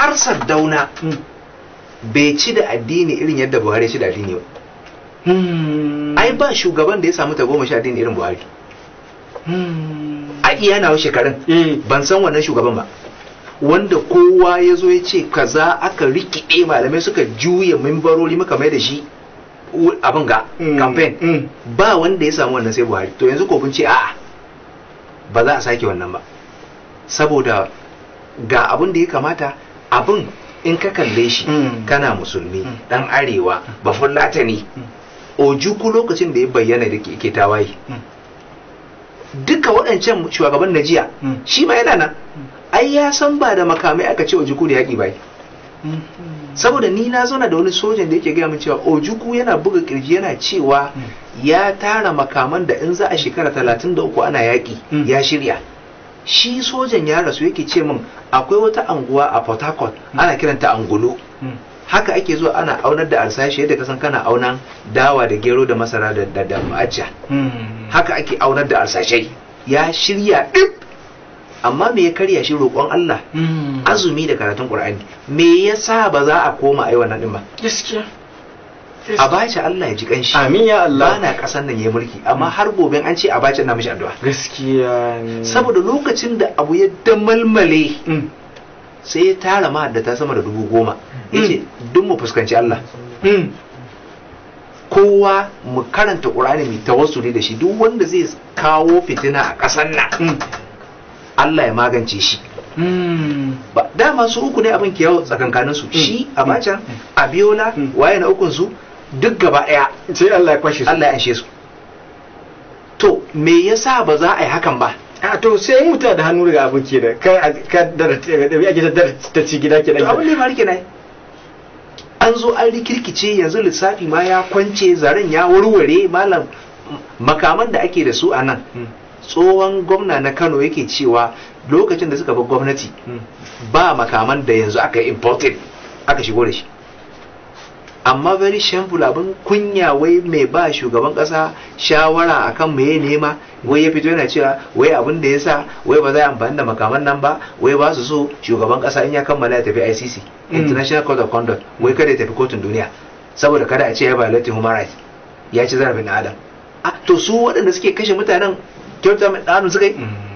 har sardauna hmm, bai ci da addini irin yadda buhari ci da addini ba hmm. ai ba shugaban da ya samu ta goma sha addini irin buhari hmm. a iya nawa shekarun eh. ban san wannan shugaban ba wanda kowa ya zo ya ce kaza aka rikide malamai suka juya mimbarori muka mai da shi abin ga campaign ba wanda ya samu wannan sai buhari to yanzu kofin ce a'a ba za a sake wannan ba saboda ga abin da ya kamata abin in ka kalle shi mm. kana musulmi dan mm. arewa mm. ba fulata ne ojuku lokacin da ya bayyana da ke tawaye duka waɗancan shugaban na jiya shi ma yana nan ai ya san ba da makamai aka ce ojuku da yaƙi bai saboda ni na zauna da wani sojan da yake gaya min cewa ojuku yana buga kirji yana cewa ya tara makaman da in za a shekara talatin da uku ana yaƙi ya shirya shi sojan ya rasu yake ce min akwai wata anguwa a port harcourt ana kiranta angulu hmm. haka ake zuwa ana aunar da arsashi yadda kasan kana aunan dawa da gero da masara da da ma'ajiya hmm. haka ake aunar da arsashai ya shirya ɗin amma me ya karya shi roƙon Allah hmm. azumi da karatun Qur'ani me yasa ba za a koma ai wannan din ba gaskiya a abacha Allah ya ji kanshi amin ya Allah bana kasan nan ya mulki amma har gobe an ce a abacha na mishi addu'a gaskiya ne saboda lokacin da abu ya damalmale mm. sai ya tara ma da ta sama da dubu goma mm. yace duk mu fuskanci Allah mm. kowa mu karanta ta mai ne da shi duk wanda zai kawo fitina a ƙasar nan Allah ya magance shi ba dama su uku ne abin kiyawo tsakankanin su shi abacha abiola waye na ukun su duk gaba ɗaya sai Allah ya kwashe su Allah ya ashe su to me yasa ba za a yi hakan ba a to sai mu da hannu daga abin ke da ka da ake da ta ci gida kenan To abin da ya faru kenan an zo an rikirkice yanzu lissafi ma ya kwance zaren ya warware malam makaman da ake da su a nan hmm. tsohon gwamna na kano yake cewa lokacin da suka bar gwamnati hmm. ba makaman da yanzu aka imported aka shigo da shi amma very shameful abin kunya wai mai ba shugaban kasa shawara akan me nema wai ya fito yana cewa wai abin da sa wai ba za a amfani da makaman nan ba wai ba su so shugaban kasa in ya kammala ya tafi ICC hmm. International Court of Conduct wai kada ya tafi kotun duniya saboda kada a ce ya violate human rights ya ci zarafin adam ah, to su waɗanda suke kashe mutanen kyauta mai ɗanu suka yi hmm.